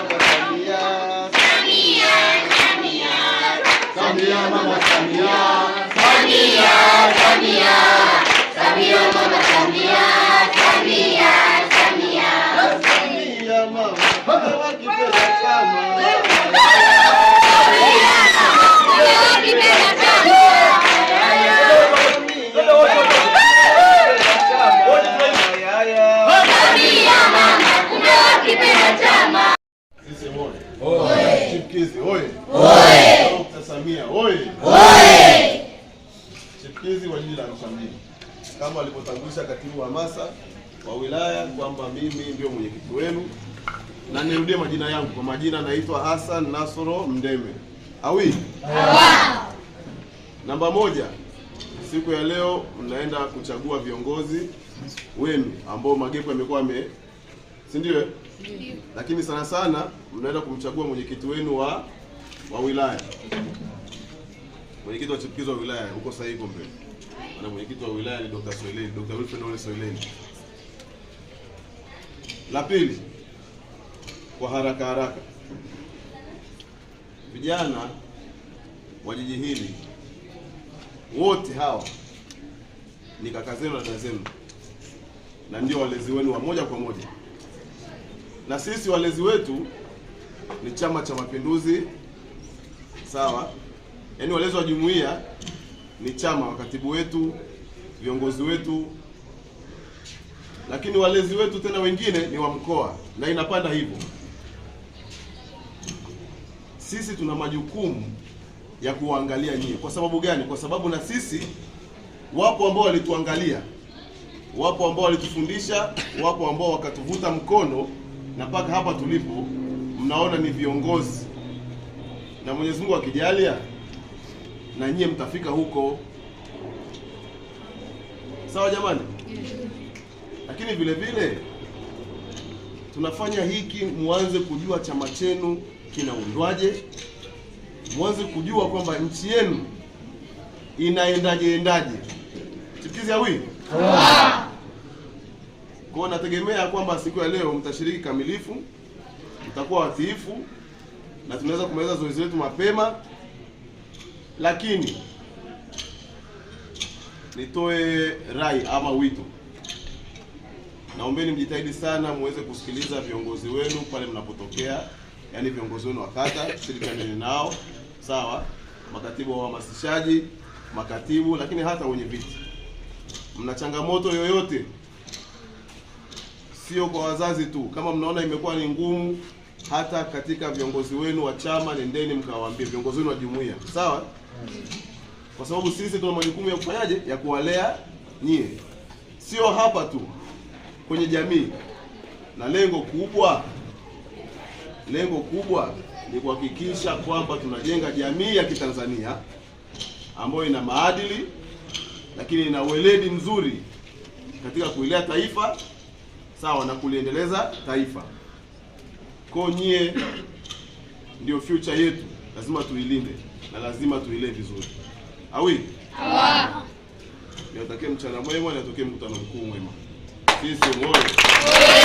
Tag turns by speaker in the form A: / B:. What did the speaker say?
A: Samia,
B: Samia, Samia,
A: Samia, Samia, Samia,
B: Samia, Samia, Samia, Samia,
A: Samia, Samia, Samia, Chipukizi oye! Dkt. Samia
B: oye!
A: Chipkizi wa jiji la Arusha mjini, kama alivyotangulisha katibu wa hamasa wa wilaya kwamba mimi ndio mwenyekiti wenu, na nirudie majina yangu kwa majina, naitwa Hassan Nasoro Mndeme awi. Namba moja, siku ya leo mnaenda kuchagua viongozi wenu ambao magepu yamekuwa si ndio? Lakini sana sana mnaenda kumchagua mwenyekiti wenu wa wa wilaya, mwenyekiti wa chipukizo wa wilaya huko sahihi hivi mbele. Maana mwenyekiti wa wilaya ni Dr. Soileni, Dr. Wilfred Ole Soileni. La pili, kwa haraka haraka, vijana wa jiji hili wote hawa ni kaka zenu na dada zenu na ndio walezi wenu wa moja kwa moja na sisi walezi wetu ni Chama cha Mapinduzi, sawa? Yaani walezi wa jumuiya ni chama, wakatibu wetu, viongozi wetu, lakini walezi wetu tena wengine ni wa mkoa, na inapanda hivyo. Sisi tuna majukumu ya kuwaangalia nyie. Kwa sababu gani? Kwa sababu na sisi wapo ambao walituangalia, wapo ambao walitufundisha, wapo ambao wakatuvuta mkono na mpaka hapa tulipo, mnaona ni viongozi, na Mwenyezi Mungu akijalia, na nyie mtafika huko. Sawa jamani? Lakini vile vile tunafanya hiki, muanze kujua chama chenu kinaundwaje, muanze kujua kwamba nchi yenu inaendaje endaje. Chikizi awi kwa nategemea kwamba siku ya leo mtashiriki kamilifu, mtakuwa watiifu na tunaweza kumaliza zoezi letu mapema, lakini nitoe rai ama wito, naombeni mjitahidi sana muweze kusikiliza viongozi wenu pale mnapotokea, yaani viongozi wenu wa kata, nao sawa, makatibu wa uhamasishaji, makatibu, lakini hata wenye viti. Mna changamoto yoyote sio kwa wazazi tu. Kama mnaona imekuwa ni ngumu, hata katika viongozi wenu wa chama, nendeni mkawaambie viongozi wenu wa jumuiya, sawa, kwa sababu sisi tuna majukumu ya kufanyaje, ya kuwalea nyie, sio hapa tu, kwenye jamii. Na lengo kubwa, lengo kubwa ni kuhakikisha kwamba tunajenga jamii ya Kitanzania ambayo ina maadili, lakini ina weledi mzuri katika kuilea taifa sawa na kuliendeleza taifa. Kwa nyie ndio future yetu, lazima tuilinde na lazima tuilee vizuri. Awi niwatakie mchana mwema, niwatakie mkutano mkuu mwema. Sisi moyo